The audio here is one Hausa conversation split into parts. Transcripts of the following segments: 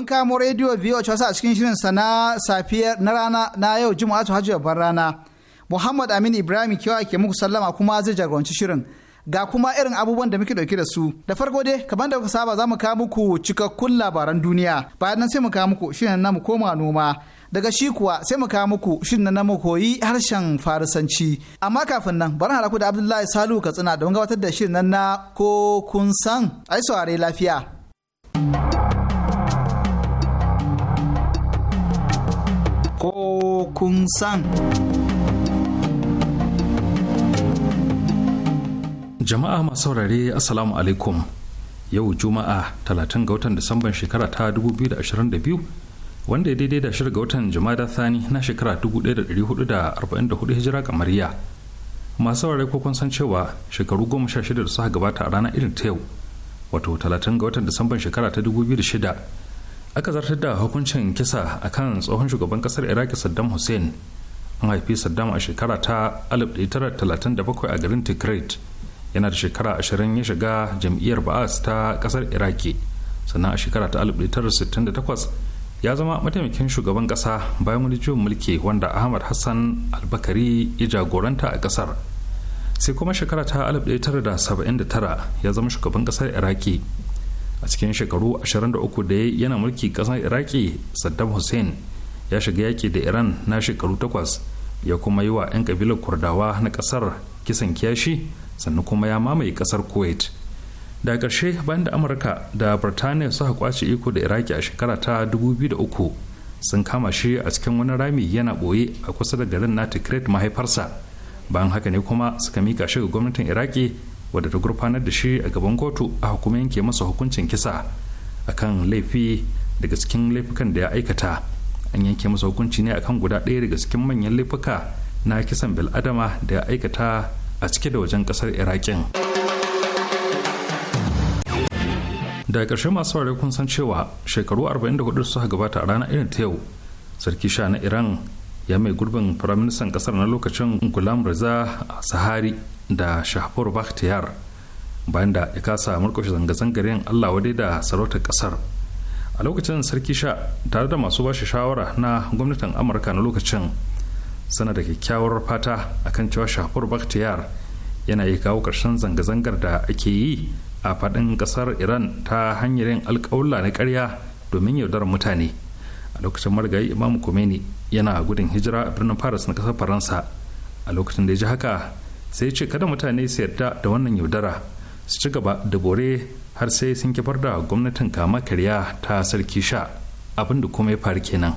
kun kamo rediyo biyu a wasu a cikin shirin na safiyar na rana na yau juma'a ta hajji babban rana muhammad amin ibrahim kewa ke muku sallama kuma zai jagoranci shirin ga kuma irin abubuwan da muke dauke da su da farko dai kamar da kuka saba za mu kawo muku cikakkun labaran duniya bayan nan sai mu kawo muku shirin na mu koma noma daga shi kuwa sai mu kawo muku shirin na mu koyi harshen farisanci amma kafin nan bari haraku da abdullahi salu katsina don gabatar da shirin na ko kun san ai saurare lafiya. ko kun san. Jama'a masu saurare Assalamu alaikum yau Juma'a 30 ga watan Disamban shekara ta 2022 wanda ya daidai da shirga watan Jumada Thani na shekara 1444 hijira kamariya. Masu saurare ko kun san cewa shekaru 16 da suka gabata a rana irin ta yau wato 30 ga watan Disamban shekara ta 2006 aka zartar da hukuncin kisa a kan tsohon shugaban kasar iraki saddam hussein an haifi saddam a shekara ta 1937 a garin tikrit yana da shekara 20 ya shiga jam'iyyar ba'as ta kasar iraki sannan a shekara ta 1968 ya zama mataimakin shugaban kasa bayan wani juyin mulki wanda ahmad hassan albakari ya jagoranta a kasar sai kuma shekara ta 1979 ya zama shugaban kasar iraki a cikin shekaru 23 da yana mulki kasar iraki saddam hussein ya shiga yaƙi da iran na shekaru takwas ya kuma yi wa 'yan kabilar kurdawa na kasar kisan kiyashi sannan kuma ya mamaye kasar kuwait da ƙarshe bayan da amurka da birtaniya suka kwace iko da iraki a shekara ta 2003 sun kama shi a cikin wani rami yana ɓoye a kusa da garin na mahaifarsa bayan haka ne kuma suka mika shi ga gwamnatin iraki wadda ta gurfanar da shi a gaban kotu a kuma yanke masa hukuncin kisa akan laifi daga cikin laifukan da ya aikata an yanke masa hukunci ne akan guda ɗaya daga cikin manyan laifuka na kisan bil'adama da ya aikata a cike da wajen ƙasar iraƙin daga ƙarshe masu saurari kun san cewa shekaru 44 suka gabata a ranar irin ta yau sarki sha na iran ya mai gurbin firaministan kasar na lokacin gulam raza sahari da shahpur bakhtiyar bayan da ya kasa murkushe zanga-zangar yin allah wadai da sarautar kasar a lokacin sarki sha tare da masu bashi shawara na gwamnatin amurka na lokacin sana da kyakkyawar fata akan cewa shahpur bakhtiyar yana yi kawo karshen zanga-zangar da ake yi a faɗin kasar iran ta hanyar yin alƙawla na karya domin yaudarar mutane lokacin marigayi imamu komeni yana gudun hijira a birnin Paris na kasar Faransa a lokacin da ya ji haka sai ce kada mutane su yarda da wannan yaudara su ci gaba da bore har sai sun kifar da gwamnatin kama karya ta sarki sha abin da kuma ya faru kenan.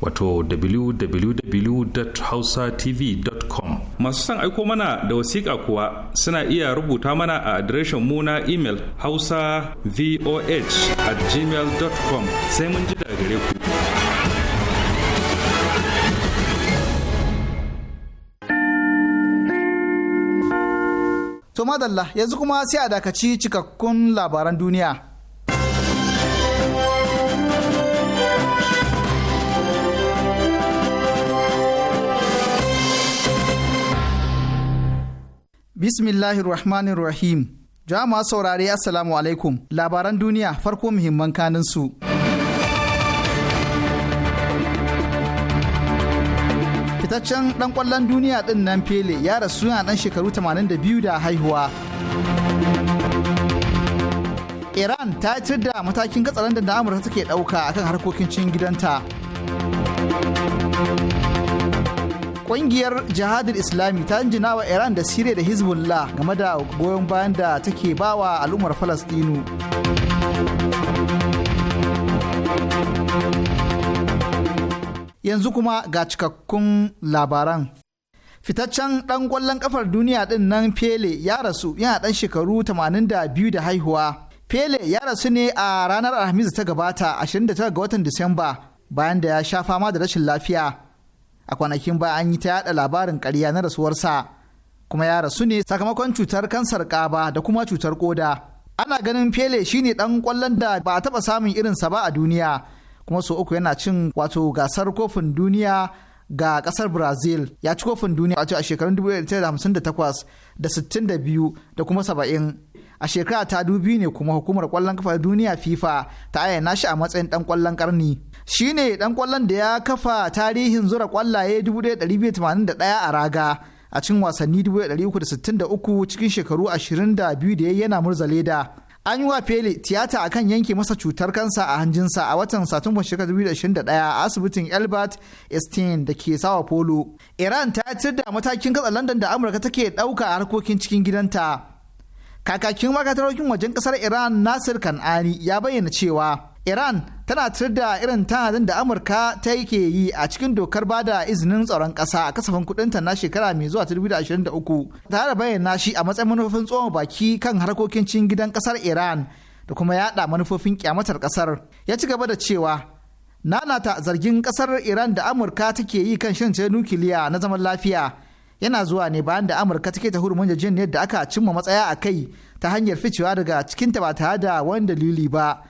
wato www.hausatv.com masu son aiko mana da wasiƙa kuwa suna iya rubuta mana a adireshin mu na imel hausa voh at gmail.com sai mun ji daga gare ku to madalla yanzu kuma sai a dakaci cikakkun labaran duniya Bismillahirrahmanirrahim. Jama'a saurare Assalamu alaikum. Labaran duniya farko muhimman kanin su. Fitaccen ɗan ƙwallon duniya ɗin nan fele ya rasu yana ɗan shekaru 82 da haihuwa. Iran ta yi da matakin katsalandan da Amurka take ɗauka akan harkokin cin gidanta. Ƙungiyar jihadin Islami ta jina wa Iran da Siriya da Hezbollah game da goyon bayan da take bawa al'ummar Falastinu. Yanzu kuma ga cikakkun labaran. fitaccen ɗan ƙwallon ƙafar duniya ɗin nan Pele ya rasu yana ɗan shekaru 82 da haihuwa. Pele ya rasu ne a ranar Alhamis ta gabata 29 ga watan Disamba bayan da ya sha fama da rashin lafiya. a kwanakin baya an yi ta yada labarin karya na rasuwarsa kuma ya rasu ne sakamakon cutar kansar kaba da kuma cutar koda ana ganin fele shine dan kwallon da ba a taba samun irin sa ba a duniya kuma so uku yana cin wato gasar kofin duniya ga kasar brazil ya ci kofin duniya wato a shekarun 1958 da 62 da kuma 70 a shekara ta dubi ne kuma hukumar kwallon kafa duniya fifa ta ayyana shi a matsayin dan kwallon karni Shi ne ɗan ƙwallon da ya kafa tarihin zura ƙwallaye 1281 a raga a cikin wasanni 1,363 cikin shekaru 22 da ya yana murza leda. An yi wa Pele tiyata a kan yanke masa cutar kansa a hanjinsa a watan Satumban shekarar 2021 a asibitin Albert Einstein da ke sawa polo. Iran ta yatar da matakin katsa London da Amurka take ɗauka a harkokin cikin gidanta. Kakakin makatarokin wajen ƙasar Iran Nasir Kan'ani ya bayyana cewa iran tana tir da irin tanadin da amurka ta ke yi a cikin dokar ba da izinin tsaron kasa a kasafin kudinta na shekara mai zuwa 2023 tare da bayyana shi a matsayin manufofin tsohon baki kan harkokin cin gidan ƙasar iran da kuma yada manufofin kyamatar ƙasar ya ci gaba da cewa nanata zargin ƙasar iran da amurka take yi kan shirin nukiliya na zaman lafiya yana zuwa ne bayan da amurka take ta hurumin jajjeniyar da aka cimma matsaya a kai ta hanyar ficewa daga cikinta ba tare da wani dalili ba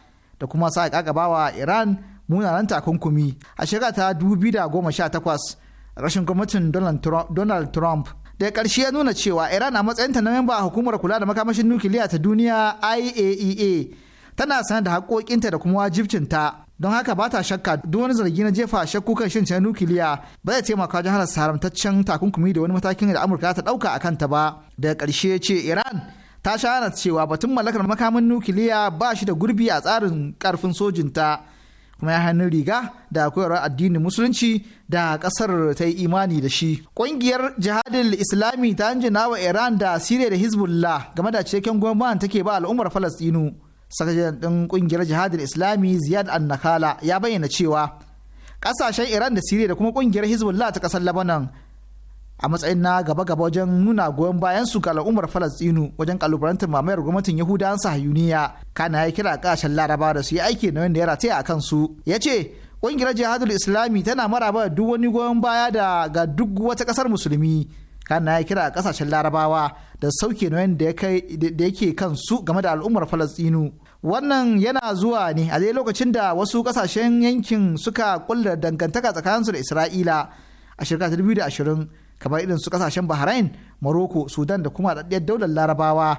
da kuma sa kagabawa Iran munanan takunkumi a shekara ta 2018 rashin gwamnatin Donald Trump da karshe ya nuna cewa Iran a matsayinta na memba hukumar kula da makamashin nukiliya ta duniya IAEA e tana sanar da haƙoƙinta da kuma wajibcinta don haka ba ta shakka duk wani zargi na jefa shakku kan shin nukiliya ba zai taimaka wajen halarta haramtaccen takunkumi da wani matakin da Amurka ta ɗauka a kanta ba daga ƙarshe ce Iran ta shana cewa batun mallakar makamin nukiliya ba shi da gurbi a tsarin karfin sojinta kuma ya hannun riga da koyarwar addinin musulunci da kasar ta yi imani da shi ƙungiyar jihadin islami ta hanjina wa iran da siriya da hezbollah game da cikin gwamnati take ba al'ummar falastinu sakajin din kungiyar jihadin islami ziyad an-nakala ya bayyana cewa kasashen iran da siriya da kuma ƙungiyar hezbollah ta kasar labanan a matsayin na gaba-gaba wajen nuna goyon bayan su ga al'ummar falastinu wajen kalubalantar mamayar gwamnatin yahudawan sahayuniya kana ya kira kasashen laraba da su yi aiki na wanda ya rataya a kansu ya ce ƙungiyar jihadul islami tana maraba da duk wani goyon baya da ga duk wata ƙasar musulmi kana ya kira ƙasashen larabawa da sauke na wanda da yake kansu game da al'ummar falastinu wannan yana zuwa ne a lokacin da wasu ƙasashen yankin suka kulla dangantaka tsakanin su da isra'ila a shekara 2020 kamar irin su kasashen bahrain morocco sudan da kuma daɗaɗɗiyar daular larabawa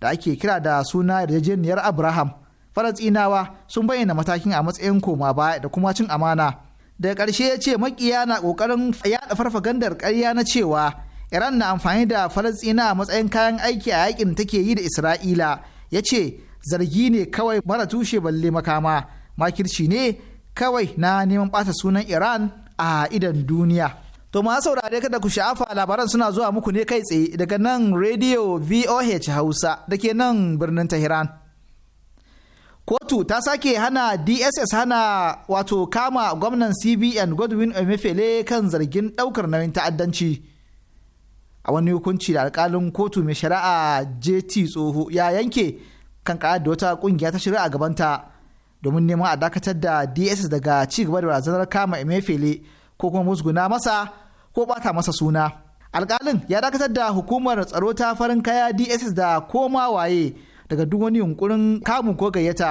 da ake kira da suna yarjejeniyar abraham falasɗinawa sun bayyana matakin a matsayin koma baya da kuma cin amana daga ƙarshe ya ce makiya na ƙoƙarin yaɗa farfagandar ƙarya na cewa iran na amfani da falasɗina a matsayin kayan aiki a yakin take yi da isra'ila ya ce zargi ne kawai mara tushe balle makama makirci ne kawai na neman ɓata sunan iran a idan duniya To ma saurare kada ku sha'afa labaran suna zuwa muku ne kai tsaye daga nan Radio VOH Hausa da ke nan birnin Tehran. Kotu ta sake hana DSS hana wato kama gwamnan CBN Godwin Emefiele kan zargin ɗaukar nauyin ta'addanci. A wani hukunci da alkalin kotu mai shari'a JT Tsoho ya yanke kan ƙarar da wata ƙungiya ta shirya shari'a gabanta domin neman a dakatar da DSS daga ci gaba da barazanar kama Emefiele ko kuma musguna masa ko bata masa suna alkalin ya dakatar da hukumar tsaro ta farin kaya dss da koma waye daga duk wani yunkurin kamun ko gayyata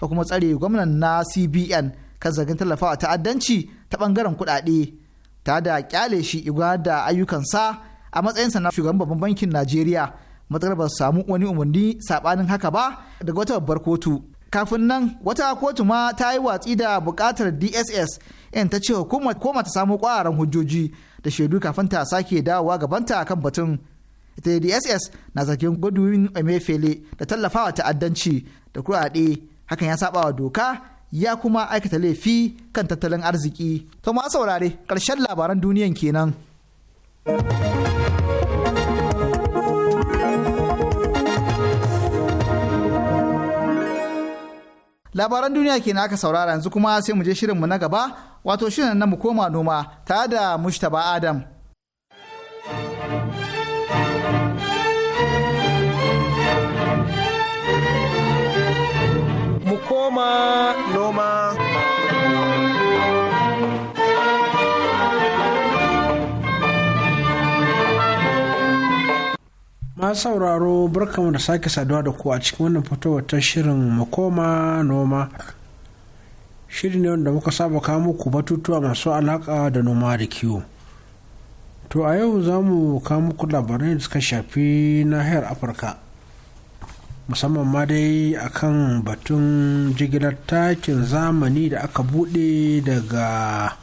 da kuma tsare gwamnan na cbn kan zargin tallafawa ta'addanci ta bangaren kuɗaɗe ta da kyale shi igwa da ayyukansa a matsayinsa na shugaban babban bankin najeriya matsalar ba samu wani umarni saɓanin haka ba daga wata babbar kotu kafin nan wata kotu ma ta yi watsi da bukatar dss in ta ce hukumar koma ta samu kwararan hujjoji da shaidu kafin ta sake dawowa gabanta kan batun ita dss na zargin godwin emefele da tallafawa ta'addanci da kuraɗe hakan ya saba wa doka ya kuma aikata laifi kan tattalin arziki to ma saurare karshen labaran duniyan kenan. labaran duniya ke aka saurara yanzu kuma sai mu je shirinmu na gaba wato shirin na mu koma noma tare da mushtaba adam masu sauraro barkamu da sake saduwa da ku a cikin wannan fitowar ta shirin makoma noma shiri ne wanda muka saba kawo muku batutuwa masu alaka da noma da kiwo to a yau za mu kawo muku labarai da suka shafi nahiyar afirka musamman ma dai akan batun jigilar takin zamani da aka bude daga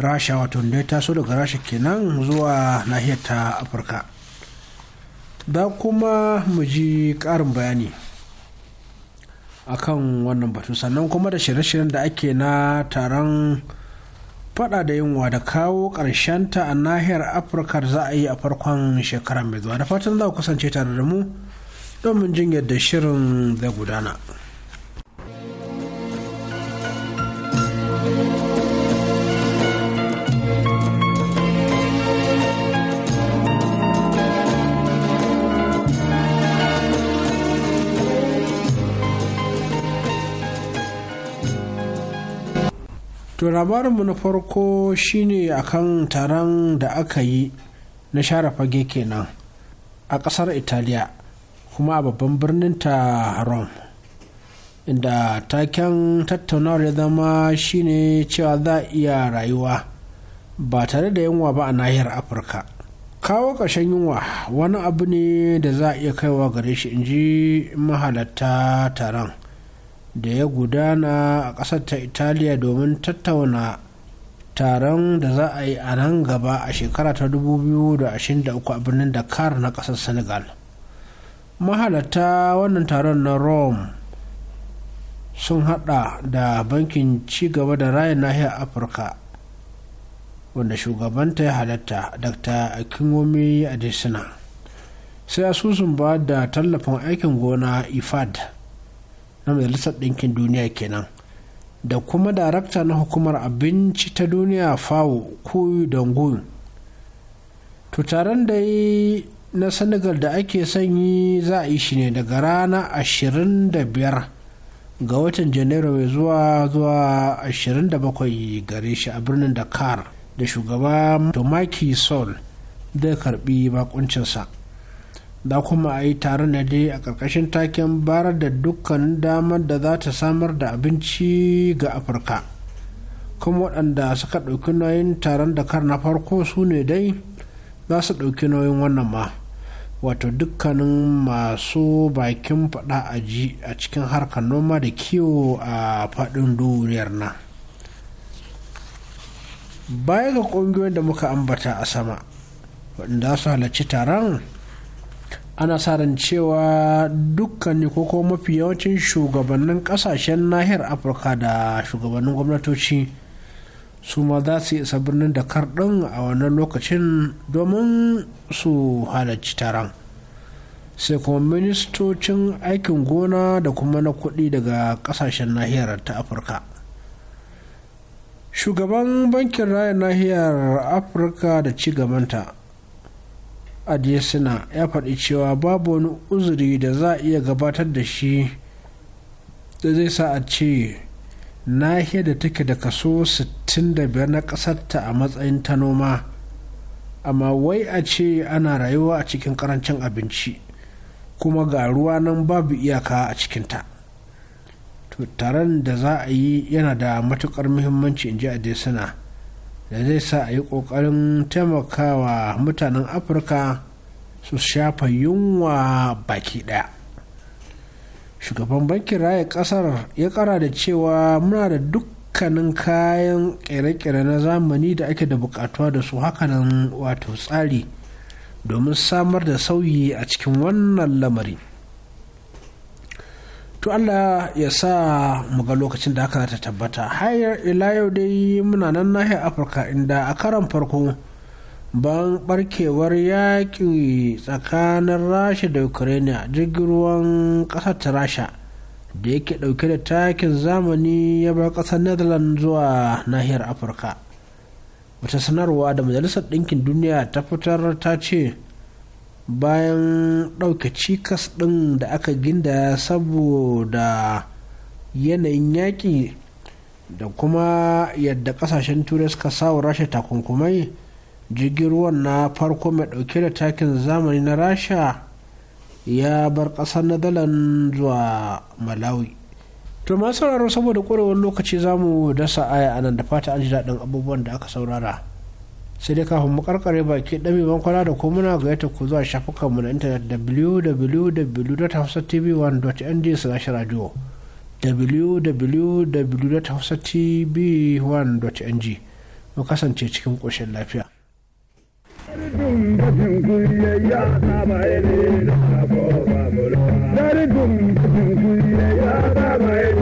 rasha wato da ya taso daga rasha kenan zuwa nahiyar ta afirka da kuma mu ji ƙarin bayani akan wannan batu sannan kuma da shirye-shiryen da ake na taron fada da yunwa da kawo ta a nahiyar afirka za a yi a farkon shekara mai zuwa da fatan za ku kusance tare da mu domin jin yadda shirin zai gudana. To labarinmu na farko shine akan taron da aka yi na share fage kenan a ƙasar Italiya kuma a babban birnin ta Rome. Inda taken tattaunawar ya zama shine cewa za a iya rayuwa ba tare da yunwa ba a nahiyar Afirka. Kawo ƙarshen yunwa wani abu ne da za a iya kaiwa gare shi in ji mahalatta taron. da ya gudana a ƙasar ta italiya domin tattauna taron da za a yi a nan gaba a shekara ta 2023 a birnin dakar na ƙasar senegal mahalarta wannan taron na rome sun hada da bankin cigaba da raya nahiyar afirka wanda shugabanta ya halatta dr akinwomi adesina sai asusun ba da tallafin aikin gona ifad na majalisar ɗinkin duniya kenan da kuma darakta na hukumar abinci ta duniya fawo koyu dangun to taron da yi na senegal da ake sanyi za a yi shi ne daga rana 25 ga watan janairu mai zuwa zuwa 27 gare shi a birnin dakar da shugaba tomaki sol zai karbi bakuncinsa da kuma a yi taron na dai a ƙarƙashin taken bayar da dukkan damar da za ta samar da abinci ga afirka kuma waɗanda suka ɗauki nauyin taron da kar na farko su ne dai za su ɗauki nauyin wannan ma wato dukkanin masu bakin faɗa a ji a cikin harkar noma da kiwo a faɗin duniyar na. baya ga ƙungiyoyin da muka ambata a sama waɗanda su halarci taron ana sa ran cewa dukkan ne koko mafi yawancin shugabannin kasashen nahiyar afirka da shugabannin gwamnatoci su ma za su isa birnin dakar ɗin a wannan lokacin domin su halarci taron sai kuma ministocin aikin gona da kuma na kuɗi daga kasashen nahiyar ta afirka shugaban bankin raya nahiyar afirka da ci gabanta adesina ya faɗi cewa babu wani uzuri da za a iya gabatar da shi da zai sa a ce nahiyar da take da kaso 65 na ƙasarta a matsayin ta noma amma wai a ce ana rayuwa a cikin ƙarancin abinci kuma ga ruwa nan babu iyaka a cikinta to taron da za a yi yana da matuƙar muhimmanci in ji adesina da zai sa a yi ƙoƙarin taimakawa mutanen afirka su shafa yunwa baki ɗaya shugaban bankin raya ƙasar ya ƙara da cewa muna da dukkanin kayan ƙere-ƙere na zamani da ake da buƙatuwa da su hakanan wato tsari domin samar da sauyi a cikin wannan lamari. to Allah ya sa mu ga lokacin da haka ta tabbata Hayar ila yau dai muna nan nahiyar afirka inda a karan farko ban barkewar yaƙi tsakanin rasha da ukraine jirgin ruwan ƙasar ta rasha da yake ɗauke da takin zamani ya bar ƙasar netherlands zuwa nahiyar afirka wata sanarwa da majalisar ɗinkin duniya ta fitar ta ce bayan ɗauke cikas ɗin da aka ginda saboda yanayin yaƙi da kuma yadda ƙasashen turai suka sawa rasha takunkumai jirgin ruwan na farko mai ɗauke da takin zamani na rasha ya bar ƙasar nadalan zuwa malawi to masu sauraro saboda ƙwarewar lokaci za mu dasa aya nan da fata an ji daɗin abubuwan da aka saurara sai dai kafin mu karkare baki ɗabi bankwana da ko muna ga ku zuwa mu na intanet www.hausatv1.ng radio www.hausatv1.ng mu kasance cikin koshin lafiya. Dari dum dum kulle ya ba mai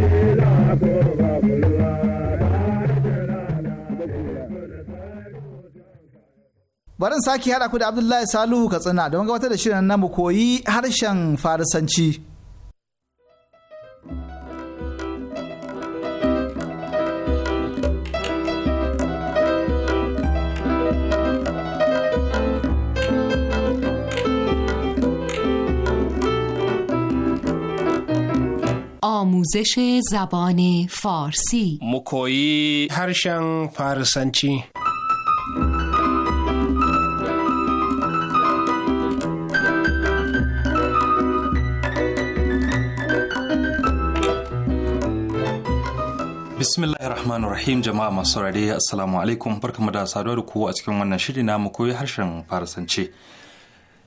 barin sake haɗa ku da abdullahi salihu katsina don gabatar da shirin na mu koyi harshen farisanci آموزش زبان فارسی مکویی هرشن فارسنچی Bismillahir Rahmanir Rahim jama'a masu saurari. Assalamu alaikum barkamu da saduwa da ku a cikin wannan shiri na mu koyi harshen Faransanci.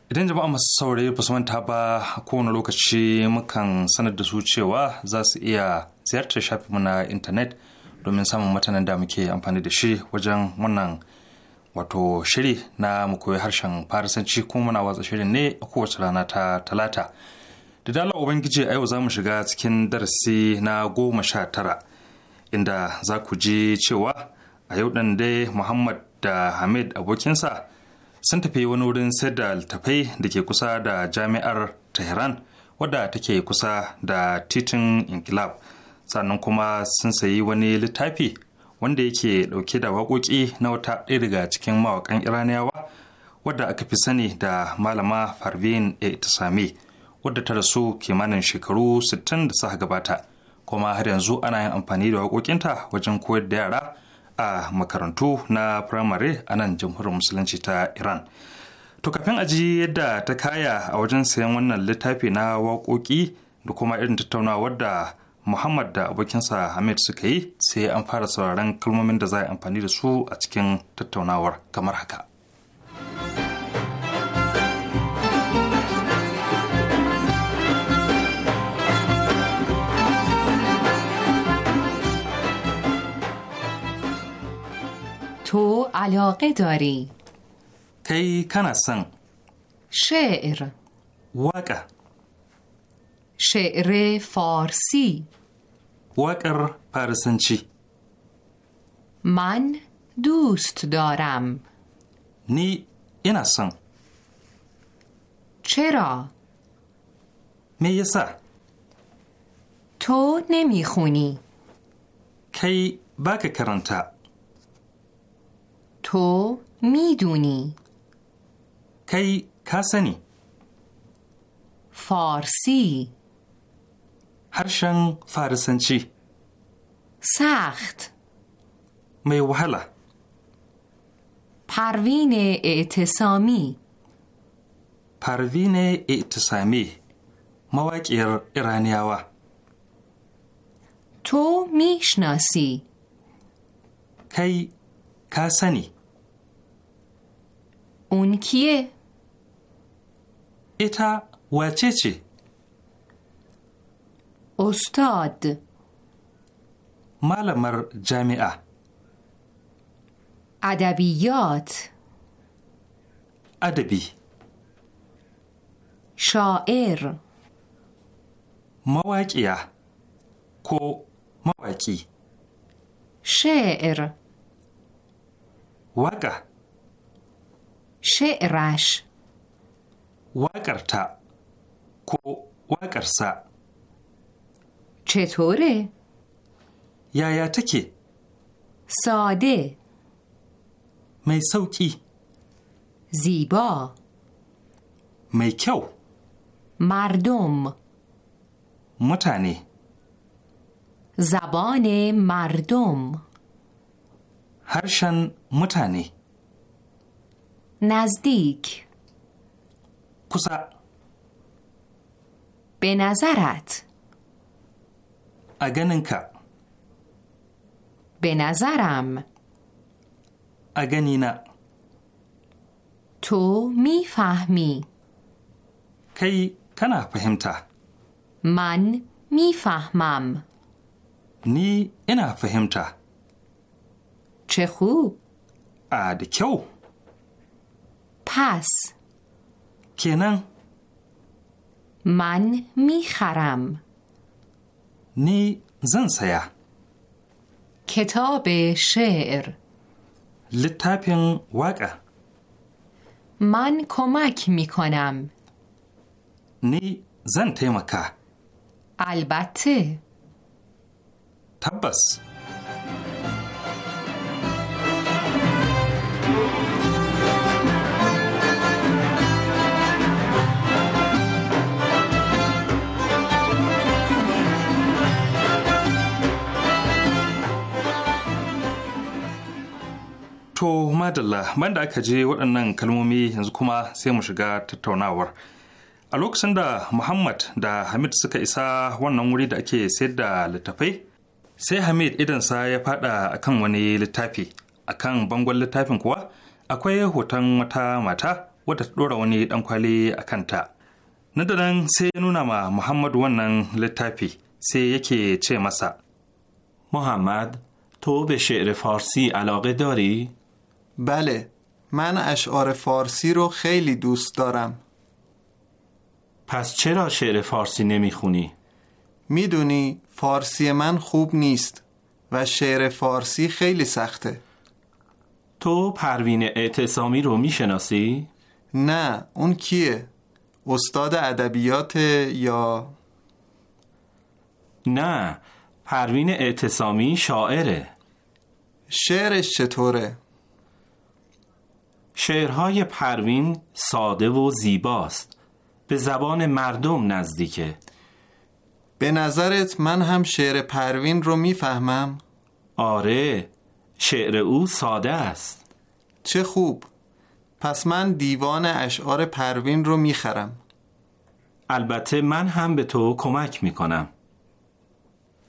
Idan jama'a masu saurare ba su manta ba kowane lokaci mukan sanar da su cewa za su iya ziyartar shafinmu na intanet domin samun matanan da muke amfani da shi wajen wannan wato shiri na mu koyi harshen Faransanci kuma muna watsa shirin ne a kowace rana ta talata. Da dala Ubangiji a yau za mu shiga cikin darasi na goma sha tara. inda za ku ji cewa a yau ɗan dai muhammad da hamid abokinsa sun tafi wani wurin sayar da littafai da ke kusa da jami'ar tehran wadda take kusa da titin inkilab sannan kuma sun sayi wani littafi wanda yake ɗauke da waƙoƙi na wata ɗaya daga cikin mawakan iraniyawa wadda aka fi sani da malama farvin e wadda ta rasu kimanin shekaru 60 da suka gabata kuma har yanzu ana yin amfani da waƙoƙinta wajen koyar da yara a makarantu na firamare a nan jamhuriyar musulunci ta iran to kafin a ji yadda ta kaya a wajen sayan wannan littafi na waƙoƙi da kuma irin tattaunawar da muhammad da abokinsa hamid suka yi sai an fara sauraron kalmomin da za a yi amfani da su a cikin tattaunawar kamar haka. تو علاقه داری کی کنسن شعر وقع شعر فارسی وقر پرسنچی من دوست دارم نی این چرا؟ میسا تو نمیخونی کی بک کرنتا تو میدونی کی کسنی فارسی هرشن فارسنچی سخت می وحله پروین اعتصامی پروین اعتصامی مواقع ایرانیاوه تو میشناسی کی کسنی اون کیه؟ ایتا وچه چی؟ استاد مال مر جامعه ادبیات ادبی شاعر مواقعه کو مواقعی شعر وقع شعرش وگرتا کو وگرسا چطوره؟ یا تکی ساده می سوکی زیبا می کیو مردم متانی زبان مردم هرشن متانی نزدیک کسا به نظرت اگننکا به نظرم اگنینا تو میفهمی کی کنا فهمتا من میفهمم نی اینا فهمتا چه خوب اد کیو پس کنن من میخرم نی زن سیا کتاب شعر لطفین واقع من کمک میکنم نی زن تیمکا البته تبس To madalla da aka je waɗannan kalmomi yanzu kuma sai mu shiga tattaunawar. A lokacin da Muhammad da Hamid suka isa wannan wuri da ake sayar da littafai, sai Hamid idansa ya faɗa akan wani littafi. Akan bangon littafin kuwa akwai hoton wata mata wadda ta ɗora wani ɗan kwali a kanta. Nan da nan sai ya nuna ma Muhammad wannan littafi sai yake ce masa. Muhammad, to be shi'ar Farsi alaƙe dori? بله من اشعار فارسی رو خیلی دوست دارم پس چرا شعر فارسی نمیخونی؟ میدونی فارسی من خوب نیست و شعر فارسی خیلی سخته تو پروین اعتصامی رو میشناسی؟ نه اون کیه؟ استاد ادبیات یا نه پروین اعتصامی شاعره شعرش چطوره؟ شعرهای پروین ساده و زیباست به زبان مردم نزدیکه به نظرت من هم شعر پروین رو میفهمم؟ آره شعر او ساده است چه خوب پس من دیوان اشعار پروین رو میخرم البته من هم به تو کمک میکنم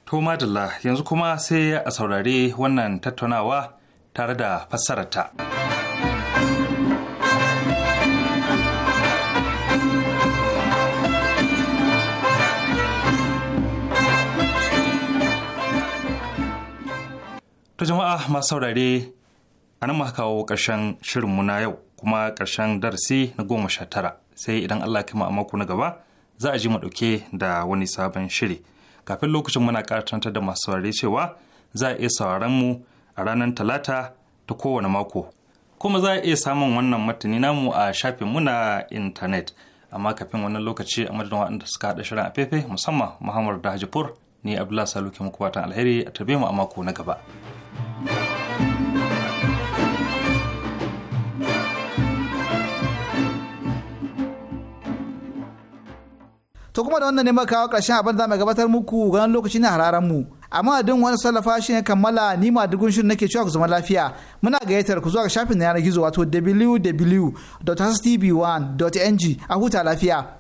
تو مدله ینزو کما سی اصوراری ونن تتوناوه ترده پسرتا jama'a masu saurare a nan maka kawo ƙarshen shirinmu na yau kuma ƙarshen darasi na goma sha tara sai idan Allah kima a mako na gaba za a ji mu ɗauke da wani sabon shiri kafin lokacin muna ƙaratantar da masu saurare cewa za a iya sauraron mu a ranar talata ta kowane mako kuma za a iya samun wannan matani namu a shafin mu na intanet amma kafin wannan lokaci a madadin waɗanda suka haɗa shirin a fefe musamman muhammad hajjifur ni abdullahi saluki muku fatan alheri a tarbe mu a mako na gaba. to kuma da wannan ne kawo ƙarshen abin da mai gabatar muku ganin lokaci na hararen mu amma adin wani sallafa shi ne kammala ni ma dugun shirin nake cewa ku zama lafiya muna gayyatar ku zuwa ga shafin yanar gizo wato www.hstv1.ng a huta lafiya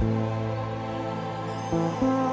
Thank you.